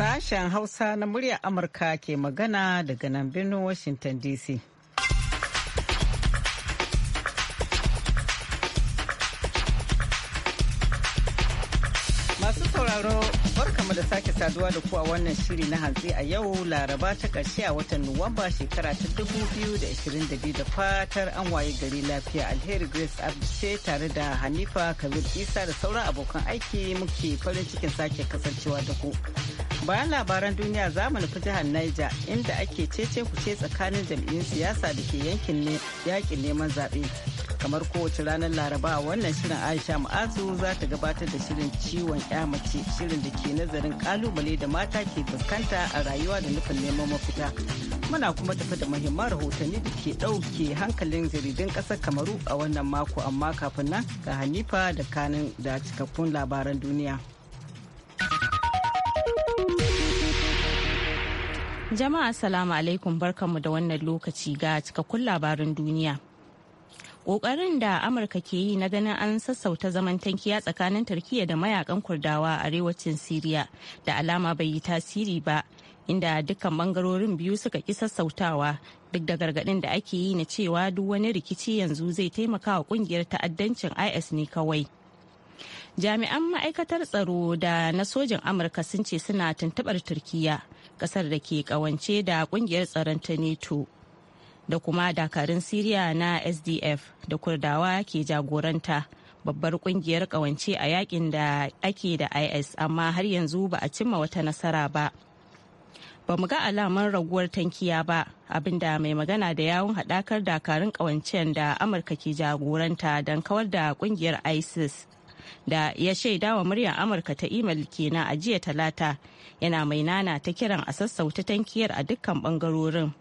Sashen Hausa na murya Amurka ke magana daga nan birnin Washington DC. Masu sauraro barkamu da sake saduwa da ku a wannan shiri na hantsi a yau laraba ta ƙarshe a watan Nuwamba shekara ta 2022 da fatar an waye gari lafiya alheri Grace Abdice tare da Hanifa Kabir Isa da sauran abokan aiki muke farin cikin sake kasancewa da ku. bayan labaran duniya za mu nufi jihar Niger inda ake cece kuce tsakanin jam'iyyun siyasa da ke yankin yakin neman zaɓe. Kamar kowace ranar Laraba wannan shirin Aisha Ma'azu za ta gabatar da shirin ciwon ya mace shirin da ke nazarin kalubale da mata ke fuskanta a rayuwa da nufin neman mafita. Muna kuma tafi da muhimman rahotanni da ke ɗauke hankalin jaridun ƙasar Kamaru a wannan mako amma kafin nan ga Hanifa da kanin da cikakkun labaran duniya. Jama'a salamu alaikum barkanmu da wannan lokaci ga cikakkun labarin duniya. Ƙoƙarin da Amurka ke yi na ganin an sassauta zaman tankiya tsakanin Turkiyya da mayakan Kurdawa a arewacin Siriya da alama bai yi tasiri ba, inda dukkan bangarorin biyu suka ki sassautawa duk da gargaɗin da ake yi na cewa duk wani rikici yanzu zai taimaka wa ƙungiyar ta'addancin IS ne kawai. jami'an ma'aikatar tsaro da na sojin amurka sun ce suna tuntubar turkiyya. kasar da ke kawance da kungiyar tsaron ta neto da kuma dakarun siriya na sdf da kurdawa ke jagoranta babbar kungiyar kawance a yakin da ake da is amma har yanzu ba a cimma wata nasara ba ba mu ga alamar raguwar tankiya ba abinda mai magana da yawun hadakar dakarun kawancen da amurka ke jagoranta don kawar da kungiyar isis da ya shaida wa muryar amurka ta imel kenan a jiya talata yana mai nana ta kiran a sassauta tankiyar a dukkan bangarorin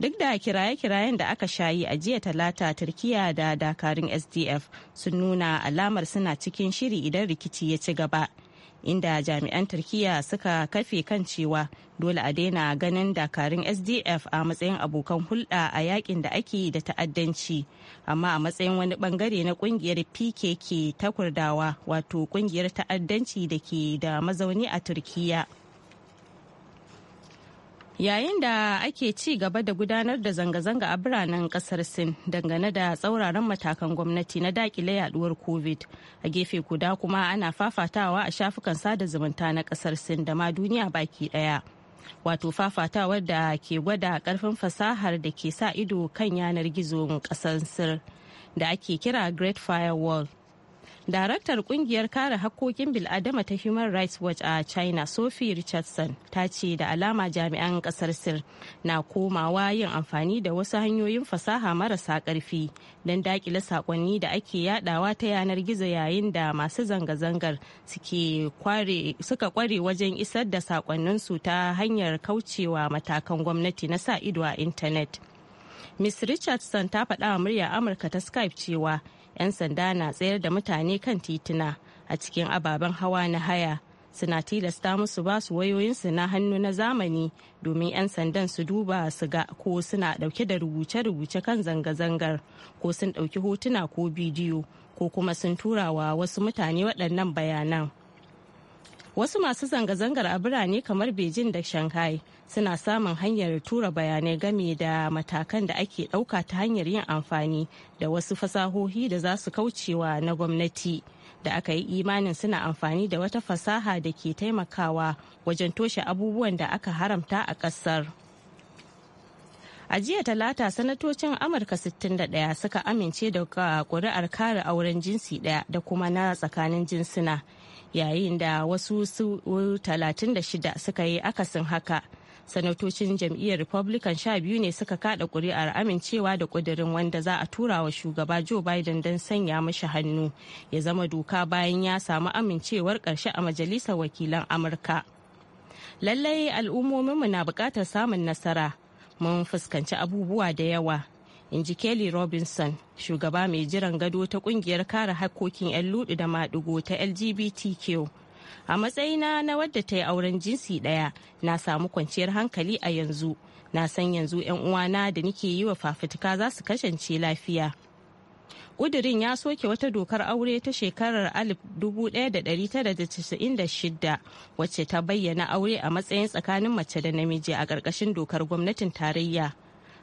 duk da kiraye-kirayen da aka shayi a jiya talata turkiya da dakarun sdf sun nuna alamar suna cikin shiri idan rikici ya ci gaba inda jami'an turkiya suka kafe kan cewa dole a daina ganin dakarun sdf a matsayin abokan hulɗa a yakin da ake da ta'addanci amma a matsayin wani bangare na kungiyar pkk ta kurdawa wato kungiyar ta'addanci da ke da mazauni a turkiya yayin da ake ci gaba da gudanar da zanga-zanga a biranen kasar sin dangane da tsauraran matakan gwamnati na dakile yaduwar covid a gefe guda kuma ana fafatawa a shafukan sada zumunta na kasar sin da ma duniya baki daya wato fafatawar da ke gwada karfin fasahar da ke sa ido kan yanar gizo kasar sir da ake kira great firewall Daraktar kungiyar kare hakkokin bil'adama ta Human Rights Watch a China, Sophie Richardson, ta ce da alama jami'an kasar Sir na komawa yin amfani da wasu hanyoyin fasaha marasa ƙarfi don dakile sakonni da ake yadawa ta yanar gizo yayin da masu zanga-zangar suka kware wajen isar da sakonninsu ta hanyar kaucewa matakan gwamnati na sa ido a intanet. Miss Richardson ta faɗa wa murya Amurka ta Skype cewa 'yan sanda na tsayar da mutane kan tituna a cikin ababen hawa na haya suna tilasta musu ba su wayoyinsu na hannu na zamani domin 'yan sandan su duba su ga ko suna dauke da rubuce-rubuce kan zanga-zangar ko sun dauki hotuna ko bidiyo ko kuma sun turawa wasu mutane waɗannan bayanan wasu masu zanga-zangar a birane kamar beijing da shanghai suna samun hanyar tura bayanai game da matakan da ake ɗauka ta hanyar yin amfani da wasu fasahohi da za su kaucewa na gwamnati da aka yi imanin suna amfani da wata fasaha da ke taimakawa wajen toshe abubuwan da aka haramta a ƙasar. A jiya talata sanatocin Amurka 61 suka amince da kuri'ar kare auren jinsi daya da kuma na tsakanin jinsuna yayin da wasu su shida suka yi akasin haka sanatocin jam'iyyar republican sha biyu ne suka kada kuri'ar amincewa da kudirin wanda za a tura wa shugaba joe biden don sanya mashi hannu ya zama doka bayan ya samu amincewar karshe a majalisar wakilan amurka lallai al'ummominmu na bukatar samun nasara mun fuskanci abubuwa da yawa in ji kelly robinson shugaba mai jiran gado ta kungiyar kare hakkokin 'yan ludu da maɗigo ta lgbtq a matsayina na wadda ta yi auren jinsi ɗaya na samu kwanciyar hankali a yanzu na san yanzu 'yan uwana da nike yi wa fafutuka za su kasance lafiya ƙudurin ya soke wata dokar aure ta shekarar 1996 wacce ta bayyana aure a matsayin tsakanin mace da namiji a ƙarƙashin dokar gwamnatin tarayya.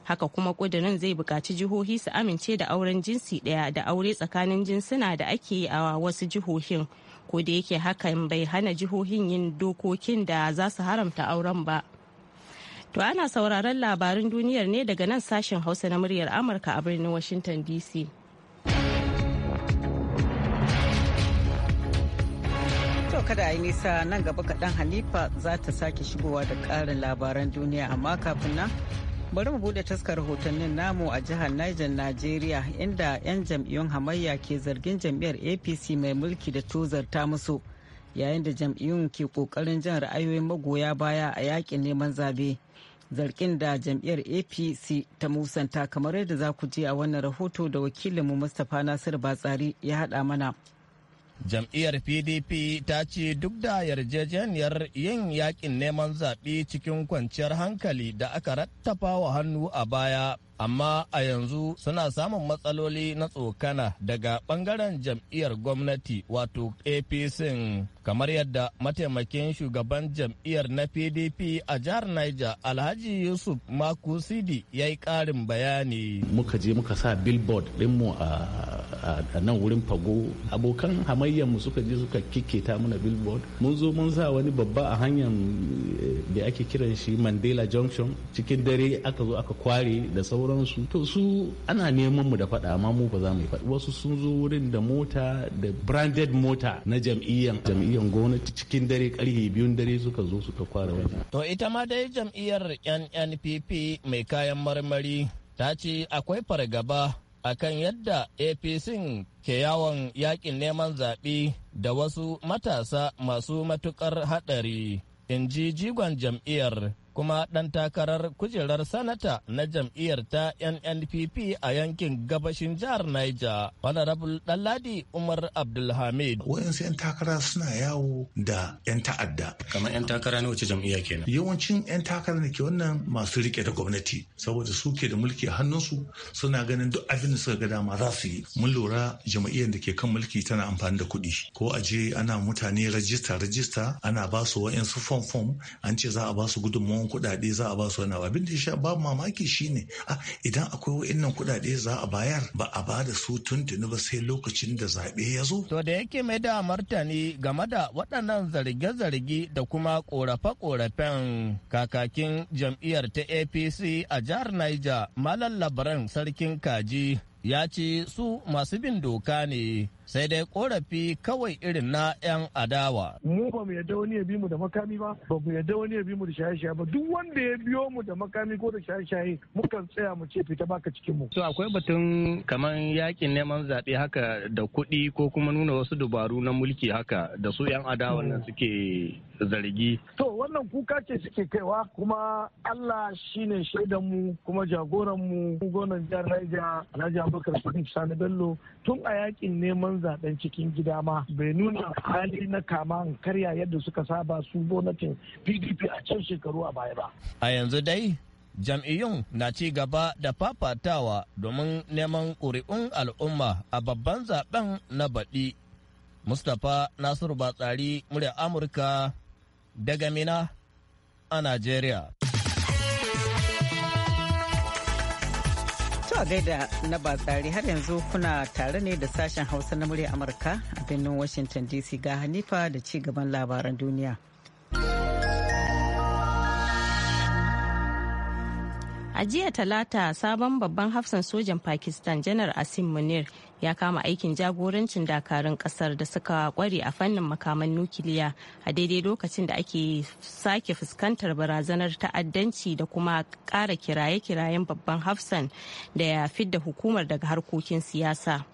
haka kuma kudirin zai buƙaci jihohi su amince da auren jinsi ɗaya da aure tsakanin jinsuna da ake yi a wasu jihohin ko da yake hakan bai hana jihohin yin dokokin da za su haramta auren ba to ana sauraron labarin duniyar ne daga nan sashen hausa na muryar amurka a birnin washington dc kada a yi nisa nan gaba kaɗan halifa za ta sake shigowa da ƙarin labaran duniya amma kafin nan bari mu bude taskar rahotannin namu a jihar Niger nigeria inda 'yan jam'iyyun hamayya ke zargin jam'iyyar APC mai mulki da tozarta musu yayin da jam'iyyun ke kokarin jan ra'ayoyin magoya baya a yakin neman zabe zargin da jam'iyyar APC ta musanta kamar yadda za ku je a wannan rahoto da wakilinmu Mustapha Nasir Batsari ya haɗa mana. jam'iyyar pdp ta ce duk da yarjejeniyar yin yakin neman zaɓe cikin kwanciyar hankali da aka rattafa wa hannu a baya amma a yanzu suna samun matsaloli na tsokana daga ɓangaren jam'iyyar gwamnati wato apc kamar yadda mataimakin shugaban jam'iyyar na pdp a jihar niger alhaji yusuf makusidi ya yi karin bayani muka je muka sa billboard dinmu a a nan wurin fago abokan hamayyar mu suka je suka kikketa mana billboard mun zo mun sa wani babba a hanyar eh, da ake kiran shi mandela junction cikin dare aka zo aka kware da sauransu to su ana neman mu da faɗa amma mu ba za mu yi wasu sun zo wurin da mota da branded mota na jam'iyyan jam'iyyan gwamnati cikin dare karhe biyun dare suka zo suka kware wani to ita ma dai jam'iyyar nnpp mai kayan marmari ta ce akwai fargaba akan yadda apc ke yawon yakin neman zaɓe da wasu matasa masu matuƙar haɗari in ji jigon jam'iyyar kuma ɗan takarar kujerar sanata na jam'iyyar ta nnpp a yankin gabashin jihar niger honorable ɗanladi umar abdulhamid wayansu 'yan takara suna yawo da 'yan ta'adda kamar 'yan takara na wace jam'iyya kenan yawancin 'yan takara ne ke wannan masu rike da gwamnati saboda su ke da mulki hannunsu suna ganin duk abin da suka ga dama za su yi mun lura jam'iyyar da ke kan mulki tana amfani da kuɗi ko a je ana mutane rajista rajista ana ba su wa'yansu fom fom an ce za a ba su gudunmawar yawan kudade za a ba su wani abin da ya sha ba mamaki shine a idan akwai wa'innan kudade za a bayar ba a ba da su tuntuni ba sai lokacin da zaɓe ya zo. To da yake mai da martani game da waɗannan zarge-zarge da kuma ƙorafe-ƙorafen kakakin jam'iyyar ta APC a jihar Niger Malam Labaran Sarkin Kaji ya ce su masu bin doka ne sai dai korafi kawai irin na 'yan adawa. Mu ba mu yadda wani ya bi mu da makami ba, ba mu yadda wani ya bi mu da shaye-shaye ba. Duk wanda ya biyo mu da makami ko da shaye-shaye mukan tsaya mu ce fita baka cikin mu. To akwai batun kamar yakin neman zaɓe haka da kuɗi ko kuma nuna wasu dubaru na mulki haka da su 'yan adawa nan suke zargi. To wannan kuka ce suke kaiwa kuma Allah shine shaidan mu kuma jagoran mu gonan jihar Niger Alhaji Abubakar Sani Bello tun a yakin neman sauran zaben cikin gida ma bai nuna hali na kama karya yadda suka saba su gwamnatin pdp a can shekaru a baya ba a yanzu dai jam'iyyun na ci gaba da fafatawa domin neman ƙuri'un al'umma a babban zaben na baɗi mustapha nasiru batsari murya amurka daga mina a najeriya To gaida na ba tsari har yanzu kuna tare ne da sashen hausa na murya Amurka a birnin Washington DC ga Hanifa da ci gaban labaran duniya. A jiya talata sabon babban hafsan sojan Pakistan janar Asim Munir ya kama aikin jagorancin dakarun kasar da suka kware a fannin makaman nukiliya a daidai lokacin da ake sake fuskantar barazanar ta'addanci da kuma kara kiraye-kirayen babban hafsan da ya fidda hukumar daga harkokin siyasa.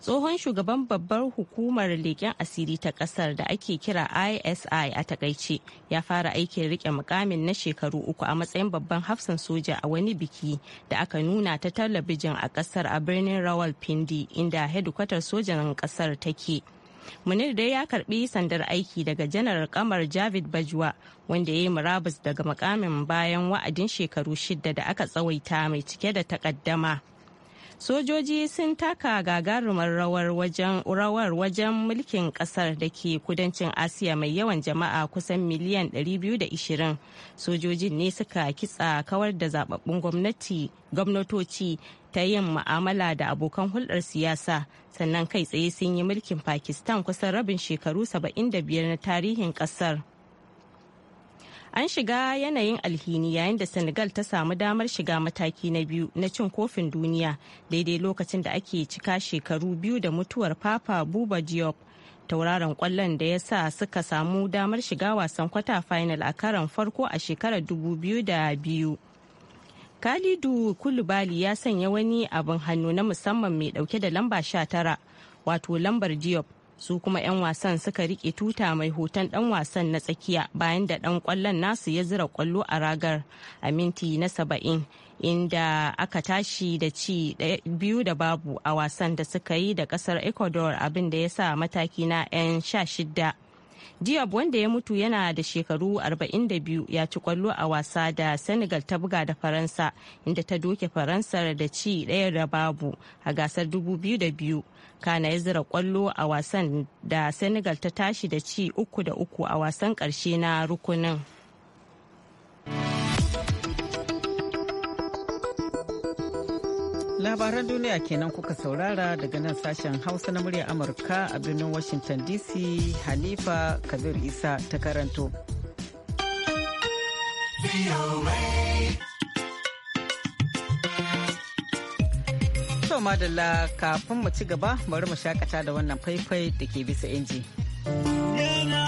tsohon shugaban babbar hukumar leƙen asiri ta ƙasar da ake kira isi a takaice ya fara aikin riƙe mukamin na shekaru uku a matsayin babban hafsan soja a wani biki da aka nuna ta talabijin a ƙasar a birnin pindi inda hedikwatar sojan ƙasar take munir dai ya karbi sandar aiki daga janar kamar javid bajwa wanda ya yi murabus daga mukamin bayan wa'adin shekaru shida da aka tsawaita mai cike da takaddama sojoji sun taka gagarumar rawar wajen rawar wajen mulkin kasar da ke kudancin asiya mai yawan jama'a kusan miliyan 220 sojoji ne suka kitsa kawar da zababbun gwamnati gwamnatoci ta yin ma'amala da abokan hulɗar siyasa sannan kai tsaye sun yi mulkin pakistan kusan rabin shekaru 75 na tarihin kasar An shiga yanayin alhini yayin da Senegal ta samu damar shiga mataki na biyu na cin kofin duniya daidai lokacin da ake cika shekaru biyu da mutuwar Papa Buba Diop. Tauraron kwallon da ya sa suka samu damar shiga wasan kwata final a karon farko a shekarar 2002. Khalidu Kulubali ya sanya wani abin hannu na musamman mai dauke da lamba 19 wato lambar Diop su kuma 'yan wasan suka rike tuta mai hoton dan wasan na tsakiya bayan da dan kwallon nasu ya zira kwallo a ragar a minti na saba'in inda aka tashi da ci biyu da babu a wasan da suka yi da kasar ecuador abin da ya sa mataki na 'yan sha shida Diop wanda ya mutu yana da shekaru 42 ya ci kwallo a wasa da Senegal ta buga da Faransa inda ta doke faransa da ci ɗaya da babu a gasar 2002. Kana ya zira kwallo a wasan da Senegal ta tashi da ci uku da uku a wasan ƙarshe na rukunin. Labaran duniya kenan kuka saurara daga nan sashen Hausa na muryar Amurka a birnin Washington DC Hanifa Kabir Isa ta karanto. so madalla kafin mu ci gaba bari mu shakata da wannan faifai da ke bisa inji. Yana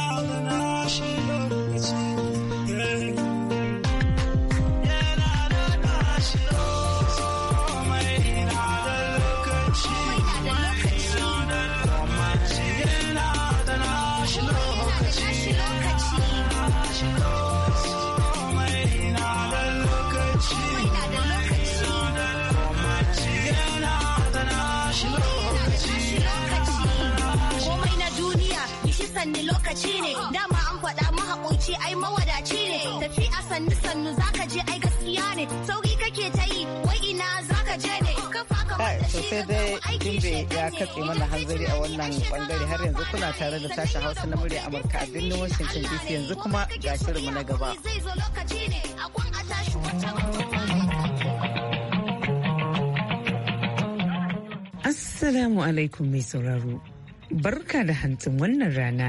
ya katse mana hanzari a wannan bangare har yanzu kuna tare da sashen hausa na murya amurka a birnin washington dc yanzu kuma ga shirinmu na gaba assalamu alaikum mai sauraro barka da hantin wannan rana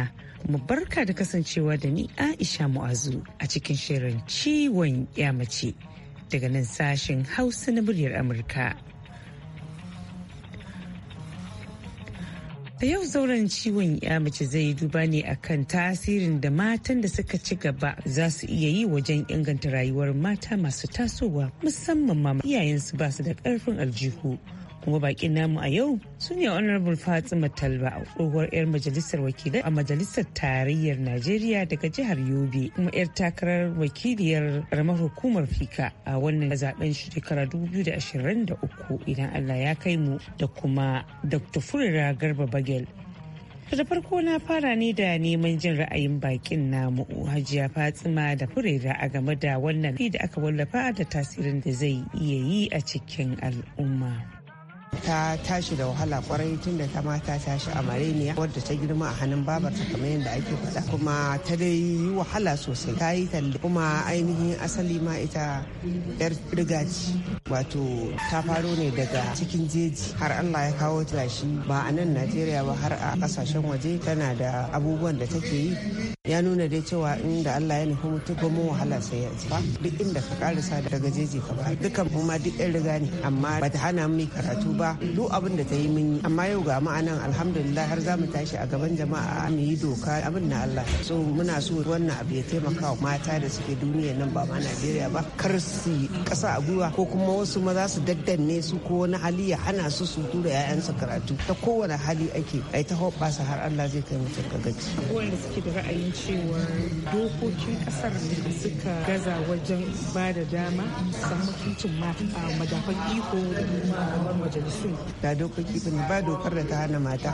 mu barka da kasancewa da ni aisha mu'azu a cikin shirin ciwon yamace daga nan sashen hausa na muryar amurka A yau zauren ciwon ya mace zai duba ne akan tasirin da matan da suka ci gaba za su iya yi wajen inganta rayuwar mata masu tasowa musamman ma iyayensu ba su da ƙarfin aljihu. kuma bakin namu a yau su ne honorable fatima a tsohuwar 'yar majalisar wakilai a majalisar tarayyar najeriya daga jihar yobe kuma 'yar takarar wakiliyar karamar hukumar fika a wannan zaben shekara 2023 idan allah ya kai mu da kuma dr furira garba bagel da farko na fara ne da neman jin ra'ayin bakin namu hajiya fatima da furera a game da wannan da aka wallafa da tasirin da zai iya yi a cikin al'umma ta tashi da wahala kwarai tun da ta ma ta tashi a mareniya wadda ta girma a hannun babarta kamar yadda ake faɗa kuma ta dai yi wahala sosai ta yi talle kuma ainihin asali ma ita yar rigaci wato ta faro ne daga cikin jeji har allah ya kawo ta shi ba a nan najeriya ba har a kasashen waje tana da abubuwan da take yi ya nuna dai cewa inda Allah ya nufi mutu ba mun wahala sai ya ji duk inda ka karisa daga jeji ka ba dukan mu ma duk yan riga ne amma ba ta hana mu karatu ba duk abin da ta yi mun yi amma yau ga ma'anan alhamdulillah har za mu tashi a gaban jama'a mu yi doka abin na Allah so muna so wannan abu ya taimaka wa mata da suke duniya nan ba ma Najeriya ba kar su kasa a gwiwa ko kuma wasu maza su daddanne su ko wani hali ya hana su su tura 'ya'yansu karatu ta kowane hali ake ai ta hoɓɓasa har Allah zai kai mutum ga gaci. Wanda suke da ra'ayin cewa dokokin kasar da suka gaza wajen ba da dama mutuncin mata a madafan iko da kuma majalisu da dokoki ba ba dokar da ta hana mata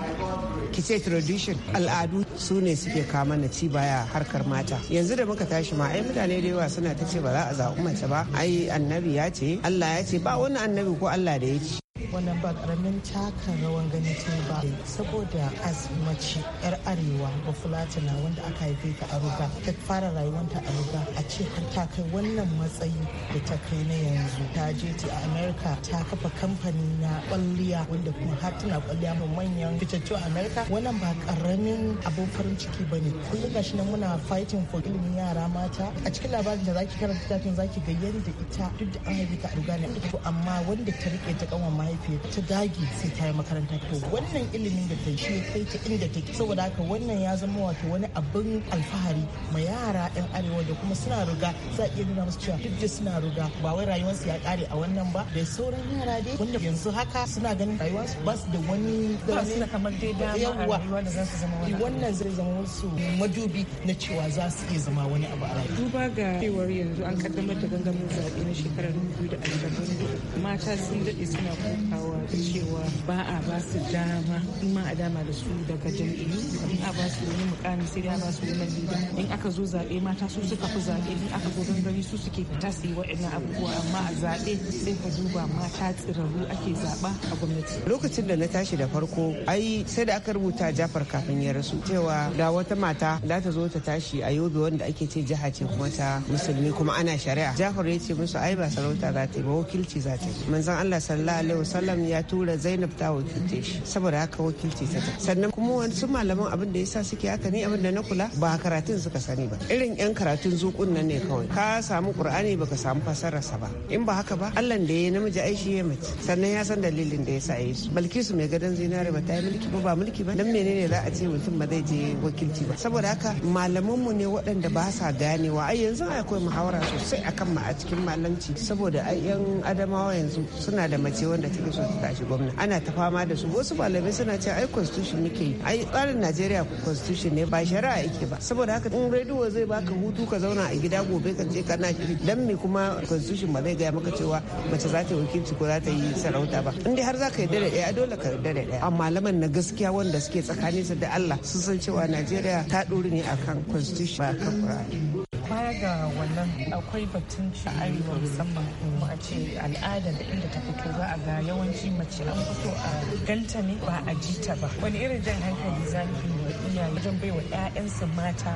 ki ce tradition al'adu su ne suke kama na ci baya harkar mata yanzu da muka tashi ma ai mutane da yawa suna ta ce ba za a zaɓi mace ba ai annabi ya ce Allah ya ce ba wani annabi ko Allah da ya ce wannan ba karamin taka rawan gani ta ba saboda azumaci yar arewa ba na wanda aka haife ta a ruga ta fara rayuwanta a ruga a ce har ta kai wannan matsayi da ta kai na yanzu ta je ta a america ta kafa kamfani na kwalliya wanda kuma har tana kwalliya ma manyan fitattu a america wannan ba karamin abin farin ciki ba ne kullum gashi na muna fighting for ilimin yara mata a cikin labarin da zaki karanta za zaki ga yadda ita duk da an haife ta a ruga ne amma wanda ta rike ta kanwa mahaifiyar ta dage sai ta yi makaranta to wannan ilimin da ta shi kai ta inda ta ke. saboda haka wannan ya zama wato wani abin alfahari ma yara yan arewa da kuma suna ruga za iya nuna musu cewa duk da suna ruga ba wai rayuwarsu ya kare a wannan ba da sauran yara dai wanda yanzu haka suna ganin rayuwarsu ba su da wani ba su da kamar dai dama wanda za su zama wani wannan zai zama wasu madubi na cewa za su iya zama wani abu a rayuwa duba ga cewar yanzu an kaddamar da gangamin zaɓe na shekarar 2020 mata sun daɗe suna kuma talakawa cewa ba a ba su dama in ma a dama da su daga jam'iyyu in a ba su wani mukami sai dai a ba su wani in aka zo zaɓe mata su suka fi zaɓe in aka zo dangane su suke fita su yi waɗannan abubuwa amma a zaɓe sai ka duba mata tsirarru ake zaɓa a gwamnati. lokacin da na tashi da farko ai sai da aka rubuta jafar kafin ya rasu cewa da wata mata za ta zo ta tashi a yobe wanda ake ce jiha ce kuma ta musulmi kuma ana shari'a jafar ya ce musu ai ba sarauta za ta yi ba wakilci za ta yi manzon allah sallallahu alaihi sallam ya tura zainab ta wakilce shi saboda haka wakilci ta sannan kuma wasu malaman abin da yasa suke haka ne abin da na kula ba karatun suka sani ba irin yan karatun zukun nan ne kawai ka samu qur'ani baka samu sa ba in ba haka ba Allah da ya namiji ai shi ya mace sannan ya san dalilin da yasa yi su balkisu mai gadon zinare ba ta yi mulki ba ba mulki ba dan menene za a ce mutum ba zai je wakilci ba saboda haka malaman mu ne waɗanda ba sa ganewa ai yanzu akwai muhawara sosai akan ma a cikin malamci saboda ai yan adamawa yanzu suna da mace wanda cikin su ta tashi gwamna ana ta fama da su wasu malamai suna ce ai constitution muke yi ai tsarin najeriya constitution ne ba shari'a yake ba saboda haka in rediyo zai baka hutu ka zauna a gida gobe ka je kana shiri dan me kuma constitution ba zai gaya maka cewa mace za ta wakilci ko za ta yi sarauta ba in dai har za ka yarda da ɗaya dole ka yarda da ɗaya amma malaman na gaskiya wanda suke tsakaninsa da Allah sun san cewa Najeriya ta ɗori ne akan constitution ba akan baya ga wannan akwai batun ci arewa musamman kuma a ce al'ada da inda ta fito za a ga yawanci mace an fito a ganta ne ba a ji ta ba wani irin jan hankali zafi duniya wajen bai baiwa 'ya'yansa mata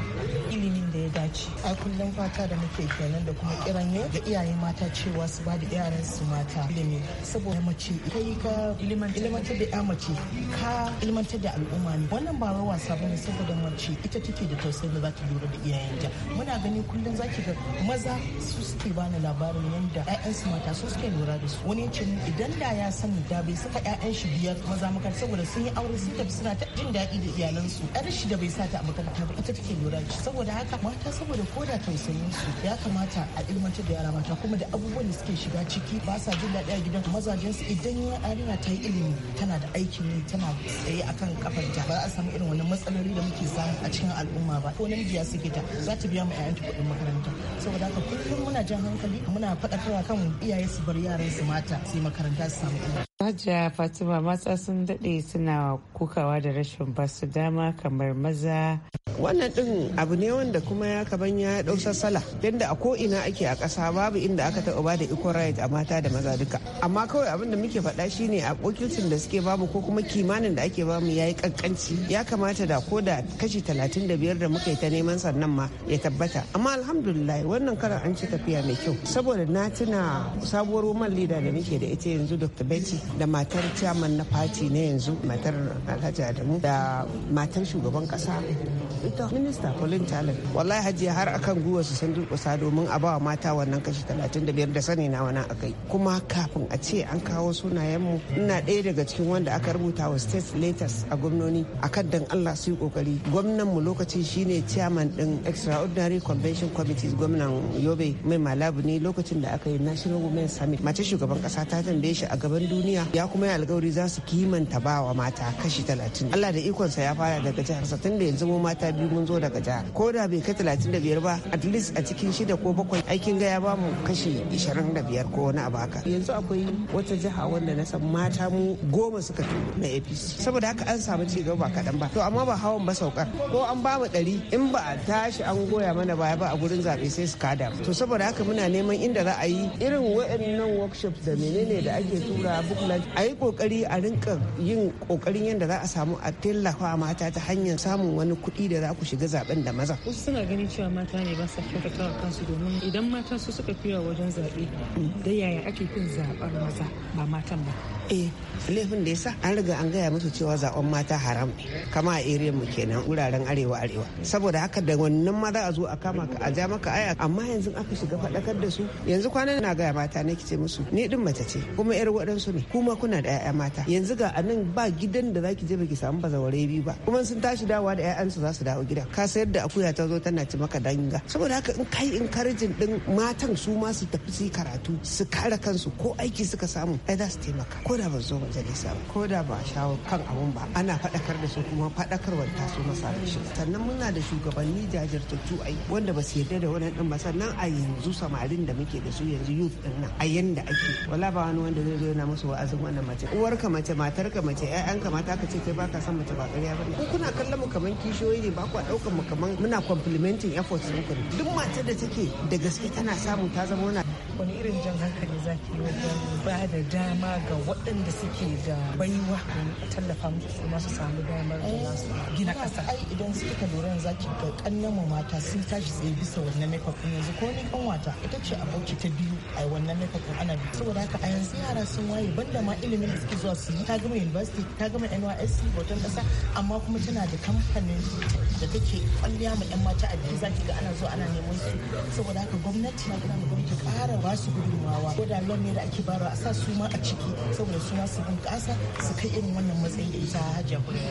ilimin da ya dace a kullum fata da muke kenan da kuma kiran yau da iyaye mata cewa su ba da yaransu mata ilimi saboda mace kai ka ilimantar da 'ya mace ka ilmantar da al'umma ne wannan ba wai wasa bane saboda mace ita take da tausayi da za ta lura da iyayenta muna gani kullum zaki ga maza su suke bani labarin yadda 'ya'yansu mata su suke lura da su wani ce idan da ya sani da bai saka 'ya'yan shi biyar maza maka saboda sun yi aure sun tafi suna ta jin daɗi da iyalansu har shi da bai sa ta a makaranta ba ita take lura da shi saboda haka mata saboda koda tausayin su ya kamata a ilmantar da yara mata kuma da abubuwan da suke shiga ciki ba sa jin daɗi a gidan mazajen su idan yarinya ta yi ilimi tana da aikin yi tana tsaye akan kafarta ba za a samu irin wani matsaloli da muke samu a cikin al'umma ba ko namiji ya sake ta za ta biya ma 'ya'yanta kuɗin makaranta saboda haka kullum muna jan hankali muna faɗakarwa kan iyaye su bar yaran su mata su yi makaranta su samu ilimi Hajja Fatima matsa sun daɗe suna kukawa da rashin basu dama kamar maza. Wannan ɗin abu ne wanda kuma ya kaban ya ɗau sassala yadda a ko'ina ake a ƙasa babu inda aka taɓa bada da right a mata da maza duka. Amma kawai abin da muke faɗa shi ne a wakilcin da suke bamu ko kuma kimanin da ake bamu ya yi ƙanƙanci ya kamata da ko da kashi talatin da biyar da muka yi ta neman sannan ma ya tabbata. Amma alhamdulillah wannan karan an ci tafiya mai kyau saboda na tuna sabuwar woman leader da muke da ita yanzu Dr. Betty da matar chairman na fati na yanzu matar alhaji adamu da matar shugaban kasa ita minista Pauline Talent wallahi hajiya har akan gwiwa su san kusa domin a bawa mata wannan kashi 35 da sani na wani akai kuma kafin a ce an kawo sunayen mu ina ɗaya daga cikin wanda aka rubuta wa state letters a gwamnoni akan dan Allah su yi kokari gwamnan mu lokacin shine chairman din extraordinary convention committee gwamnan Yobe mai malabu ne lokacin da aka yi national women summit mace shugaban kasa ta tambaye shi a gaban duniya duniya ya kuma yi alkawari za su kimanta ba wa mata kashi talatin allah da ikonsa ya fara daga jihar sa tun da yanzu mu mata biyu mun zo daga jihar ko da bai kai talatin da biyar ba at least a cikin shida ko bakwai aikin gaya ba mu kashi ishirin da biyar ko wani abu haka yanzu akwai wata jiha wanda na san mata mu goma suka tuba na apc saboda haka an samu ci gaba kaɗan ba to amma ba hawan ba saukar ko an ba mu ɗari in ba a tashi an goya mana baya ba a gurin zaɓe sai su kada to saboda haka muna neman inda za a yi irin waannan workshop da menene da ake tura buku a yi kokari a rinka yin kokarin yadda za a samu a tallafa mata ta hanyar samun wani kuɗi da za ku shiga zaben da maza wasu suna ganin cewa mata ne ba sa kyautatawa kansu domin idan mata su suka fiya wajen zaɓe da yaya ake fin zaɓar maza ba matan ba eh laifin da yasa an riga an gaya musu cewa zaɓen mata haram ne kama a eriyan mu kenan wuraren arewa arewa saboda haka da wannan maza a zo a kama ka a ja maka aya amma yanzu aka shiga faɗakar da su yanzu kwanan na gaya mata ne ce musu ni din mace ce kuma yar waɗansu ne kuma kuna da 'ya'ya mata yanzu ga anan ba gidan da zaki je baki samu bazaware biyu ba kuma sun tashi dawa da 'ya'yansu za su dawo gida ka sayar da akuya ta zo tana ci maka danga saboda haka in kai in karjin din matan su ma su tafi su karatu su kare kansu ko aiki suka samu ai za su taimaka ko da ba zo majalisa ba ko da ba shawo kan abun ba ana faɗakar da su kuma faɗakarwar ta su masa shi sannan muna da shugabanni jajirtattu ai wanda ba su yarda da wannan din ba sannan a yanzu samarin da muke da su yanzu youth din nan a yanda ake wala ba wani wanda zai zo yana musu wa azun wannan mace uwarka mace matarka mace ƴaƴanka mata ka ce kai baka san mace ba ƙarya bane ko kuna kallon mu kaman kishiyoyi ne ba ku daukan mu kaman muna complimenting efforts din ku duk mace da take da gaske tana samu ta zama wani wani irin jan hankali zaki yi wajen ba da dama ga waɗanda suke da baiwa tallafa musu su ma su samu damar gina ƙasa ai idan suka lura zaki ga kannan mu mata sun tashi tsaye bisa wannan makeup yanzu ko ni wata ita ce abokita biyu ai wannan makeup ana saboda haka a yanzu yara sun waye ban da ma ilimin da suke zuwa su yi ta gama university ta gama nysc hoton kasa amma kuma tana da kamfanin da take kwalliya ma yan mata a biyu zaki ga ana zuwa ana neman su saboda haka gwamnati na gina gwamnati kara ba su gudunmawa ko da lon ne da ake barawa a sa su ma a ciki saboda su ma su bunƙasa su kai irin wannan matsayi da ita hajiya kuɗi.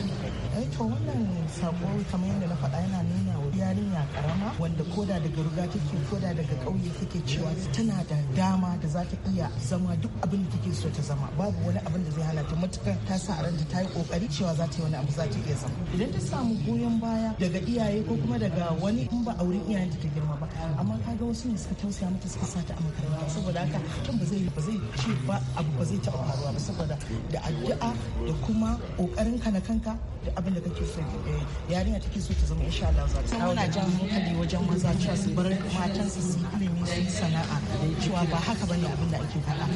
Eh, to wannan sako kamar yadda na faɗa yana nuna yarinya karama wanda koda daga ruga take koda daga ƙauye take cewa tana da dama da za ta iya zama duk abin da take so ta zama babu wani abin da zai halata matukar ta sa ran ta yi kokari cewa za ta yi wani abu za ta iya zama idan ta samu goyon baya daga iyaye ko kuma daga wani in ba auren iyayen ta girma ba amma kaga wasu ne suka tausaya mata suka sa ta a makaranta saboda haka tun ba zai ba zai ce ba abu ba zai taɓa faruwa ba saboda da addu'a da kuma kokarin ka na kanka da abin da kake so eh, yarinya take so ta zama insha Allah za ta muna jan hankali wajen maza cewa su bar matansu su ilimi su sana'a cewa ba haka bane abin da ake faɗa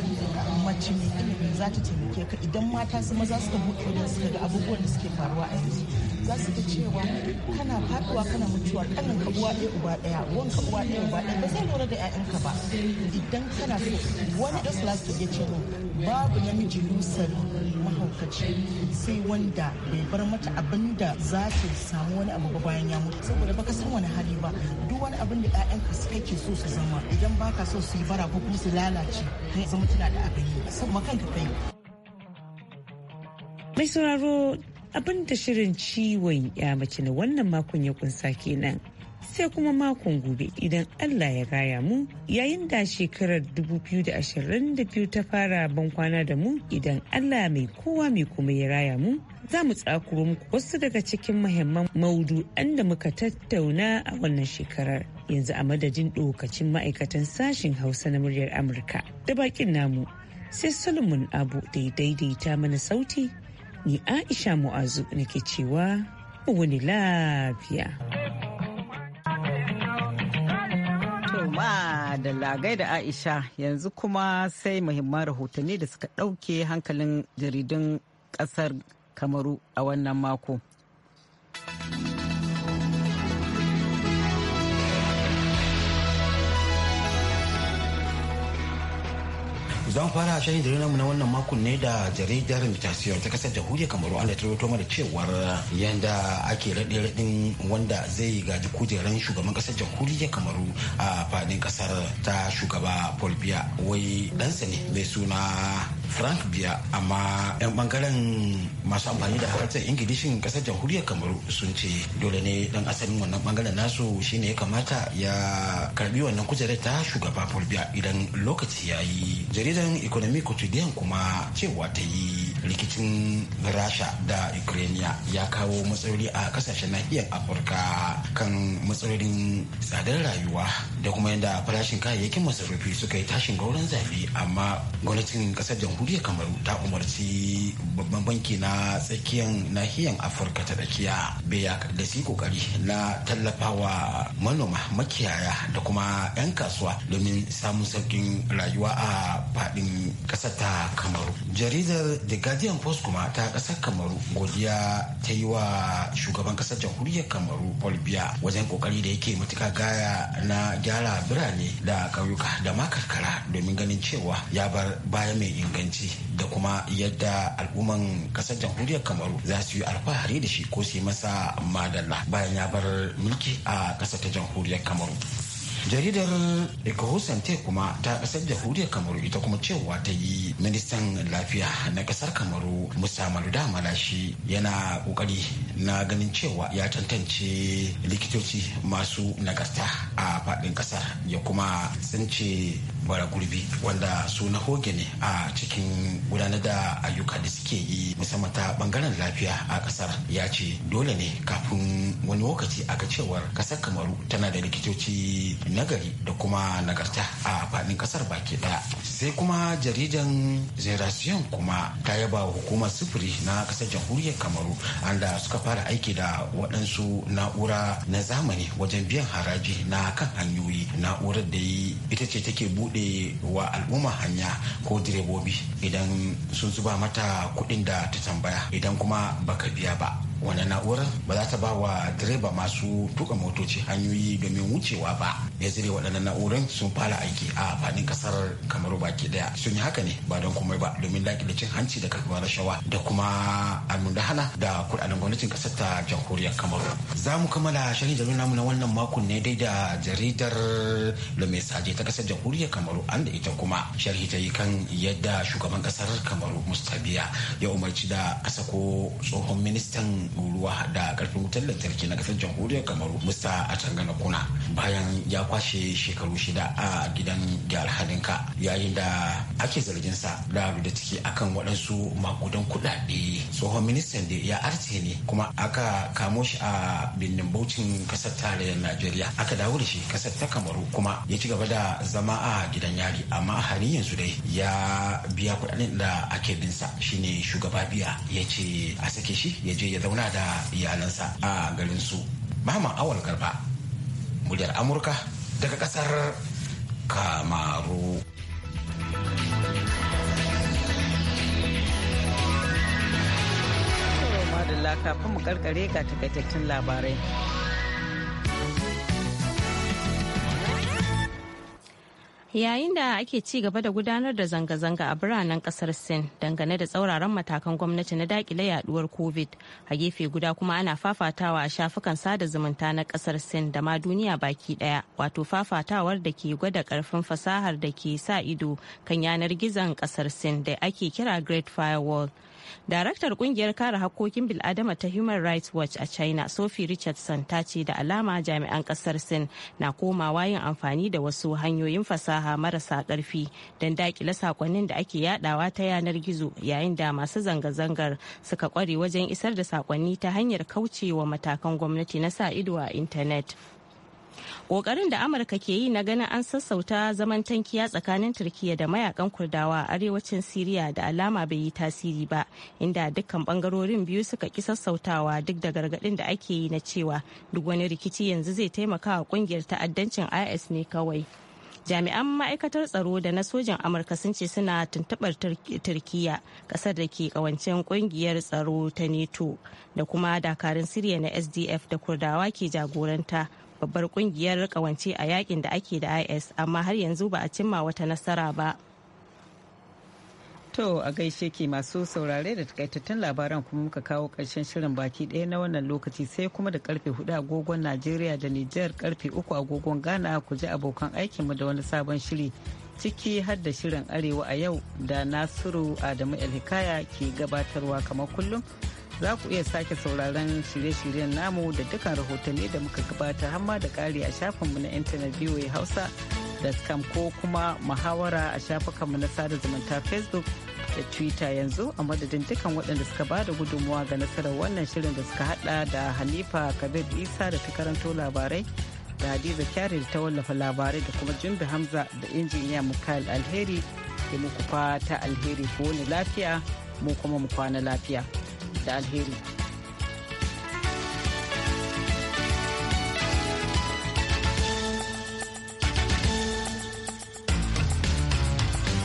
mace mai ilimi za ta taimake ka idan mata su maza suka buɗe wajen suka ga abubuwan da suke faruwa a yanzu za su ga cewa kana faduwa kana mutuwa kana kabuwa ɗaya uba ɗaya wani kabuwa ɗaya uba ɗaya ba zai lura da ƴaƴanka ba idan kana so wani ɗan class ta ce babu namiji lusar mahaukaci sai wanda bai bar mata abin da za su samu wani abu ba bayan ya mutu saboda baka san wani hali ba duk wani abin da ƴaƴanka suka ke so su zama idan baka so su yi bara ko kuma su lalace kai zama tana da abin yi saboda kanka kai mai sauraro Abin da shirin ciwon ya mace na wannan makon ya kunsa kenan sai kuma makon gobe idan Allah ya raya mu yayin da shekarar 2022 ta fara bankwana da mu idan Allah mai kowa mai kuma ya raya mu za mu tsakuro muku wasu daga cikin mahimman maudu'an da muka tattauna a wannan shekarar yanzu a madadin ɗokacin ma'aikatan sashen hausa na muryar amurka da bakin namu sai solomon abu da daidaita mana sauti ni Aisha Mu'azu nake cewa wani lafiya. Toma da lagai da Aisha yanzu kuma sai muhimman rahotanni da suka ɗauke hankalin jaridun ƙasar Kamaru a wannan mako. Zan fara shahin jaridar mu na wannan makon ne da jaridar mutasiyar ta kasar jamhuriyar Kamaru an da ta mana cewar yanda ake raɗe-raɗin wanda zai gaji kujeran shugaban kasar jamhuriyar Kamaru a fadin kasar ta shugaba Paul Biya wai ɗansa ne mai suna frank biya amma 'yan bangaren masu amfani da harshen ingilishin kasar jamhuriyar kamaru sun ce dole ne dan asalin wannan bangaren nasu shine ya kamata ya karbi wannan kujerar ta shugaba paul biya idan lokaci ya yi jaridar Jaridar Economic Quotidian kuma cewa ta yi rikicin Rasha da Ukraine ya kawo matsaloli a kasashen nahiyar Afirka kan matsalolin tsadar rayuwa da kuma yadda farashin kayayyakin masarufi suka yi tashin gauran zafi amma gwamnatin kasar jamhuriyar Kamaru ta umarci babban banki na tsakiyar nahiyar Afirka ta tsakiya Beyak da su kokari na tallafawa manoma makiyaya da kuma 'yan kasuwa domin samun sauƙin rayuwa a faɗi. ɗin ƙasar ta kamaru jaridar the guardian post kuma ta ƙasar kamaru godiya ta yi wa shugaban ƙasar jamhuriyar kamaru paul biya wajen ƙoƙari da yake matuka gaya na gyara birane da ƙauyuka da ma karkara domin ganin cewa ya bar baya mai inganci da kuma yadda al'umman ƙasar jamhuriyar kamaru za su yi alfahari da shi ko su yi masa madalla bayan ya bar mulki a ƙasar ta jamhuriyar kamaru jaridar ecohosantai kuma ta kasar jahuriyar kamaru ita kuma cewa ta yi ministan lafiya na kasar kamaru musa maluda malashi yana kokari na ganin cewa ya tantance likitoci masu nagarta a faɗin kasar ya kuma tsince bara gurbi wanda su na hoge ne a cikin gudanar da ayyuka da suke yi musamman ta bangaren lafiya a kasar ya ce dole ne kafin wani lokaci aka cewar kasar kamaru tana da likitoci nagari da kuma nagarta a faɗin kasar baki daya sai kuma jaridan zeration kuma ta yaba hukumar sufuri na kasar jamhuriyar kamaru anda suka fara aiki da waɗansu na'ura na zamani wajen biyan haraji na kan hanyoyi na'urar da ita ce take buɗe buɗe wa al'umma hanya ko direbobi idan sun zuba mata kuɗin da ta tambaya idan kuma baka biya ba wani na'urar ba za ta ba wa direba masu tuka motoci hanyoyi domin wucewa ba da ya na'urar waɗannan na'urorin sun fara aiki a faɗin kasar kamaru baki ɗaya sun yi haka ne ba don komai ba domin daƙile cin hanci da karɓar rashawa da kuma almundahana da kuɗaɗen gwamnatin kasar ta jamhuriyar kamaru za mu kammala shirin jaridar namu na wannan makon ne dai da jaridar lume saje ta kasar jamhuriyar kamaru an da ita kuma sharhi ta yi kan yadda shugaban ƙasar kamaru mustabiya ya umarci da kasa ko tsohon ministan ruwa da karfin wutar lantarki na kasar jamhuriyar kamaru musa a kuna bayan ya kwashe shekaru shida a gidan gyar yayin da ake zargin sa da da ciki akan waɗansu makudan kuɗaɗe tsohon ministan da ya arce ne kuma aka kamo shi a birnin bautin kasar tarayyar najeriya aka dawo da shi kasar ta kamaru kuma ya ci gaba da zama a gidan yari amma a yanzu dai ya biya kuɗaɗen da ake bin sa shine shugaba biya ya ce a sake shi ya je ya zauna da iyalansa a garin su Mama Awal Garba, muryar Amurka daga kasar kamaru madalla kafin mu karkare ga takaitattun labarai yayin da ake ci gaba da gudanar da zanga-zanga a biranen kasar sin dangane da tsauraran matakan gwamnati na dakile yaduwar covid a gefe guda kuma ana fafatawa a shafukan sada zumunta na kasar sin da ma duniya baki daya wato fafatawar da ke gwada karfin fasahar da ke sa ido kan yanar gizon kasar sin da ake kira great firewall Daraktar kungiyar kare hakokin bil'adama ta Human Rights Watch a China, Sophie Richardson ta ce da alama jami'an kasar Sin na komawa yin amfani da wasu hanyoyin fasaha marasa ƙarfi don dakile sakonnin da ake yadawa ta yanar gizo yayin da masu zanga-zangar suka kware wajen isar da sakonni ta hanyar kaucewa matakan gwamnati na sa ido a intanet. kokarin da amurka ke yi na ganin an sassauta zaman tankiya tsakanin turkiya da mayakan kurdawa a arewacin siriya da alama bai yi tasiri ba inda dukkan bangarorin biyu suka ki sassautawa duk da gargadin da ake yi na cewa duk wani rikici yanzu zai taimaka wa kungiyar ta'addancin is ne kawai jami'an ma'aikatar tsaro da na sojin amurka sun ce suna tuntubar turkiya kasar da ke kawancin kungiyar tsaro ta neto da kuma dakarun siriya na sdf da kurdawa ke jagoranta babbar kungiyar kawance a yakin da ake da is amma har yanzu ba a cimma wata nasara ba To a gaishe ke masu saurare da takaitattun labaran kuma muka kawo karshen shirin baki ɗaya na wannan lokaci sai kuma da karfe hudu agogon Najeriya da Nijar karfe uku agogon Ghana ku ji abokan aikinmu da wani sabon shiri ciki har da shirin Arewa a yau da Nasiru Adamu Elhikaya ke gabatarwa kamar kullum. za ku iya sake sauraron shirye-shiryen namu da dukkan rahotanni da muka gabata hamma da kari a shafinmu na intanet biyu hausa da scam ko kuma muhawara a shafukanmu na sada zumunta facebook da twitter yanzu a madadin dukkan waɗanda suka ba da gudunmuwa ga nasarar wannan shirin da suka hada da hanifa kabir isa da ta karanto labarai da hadiza kyari da ta wallafa labarai da kuma jimbi hamza da injiniya mikael alheri da muku fata alheri ko wani lafiya mu kuma mu kwana lafiya. alheri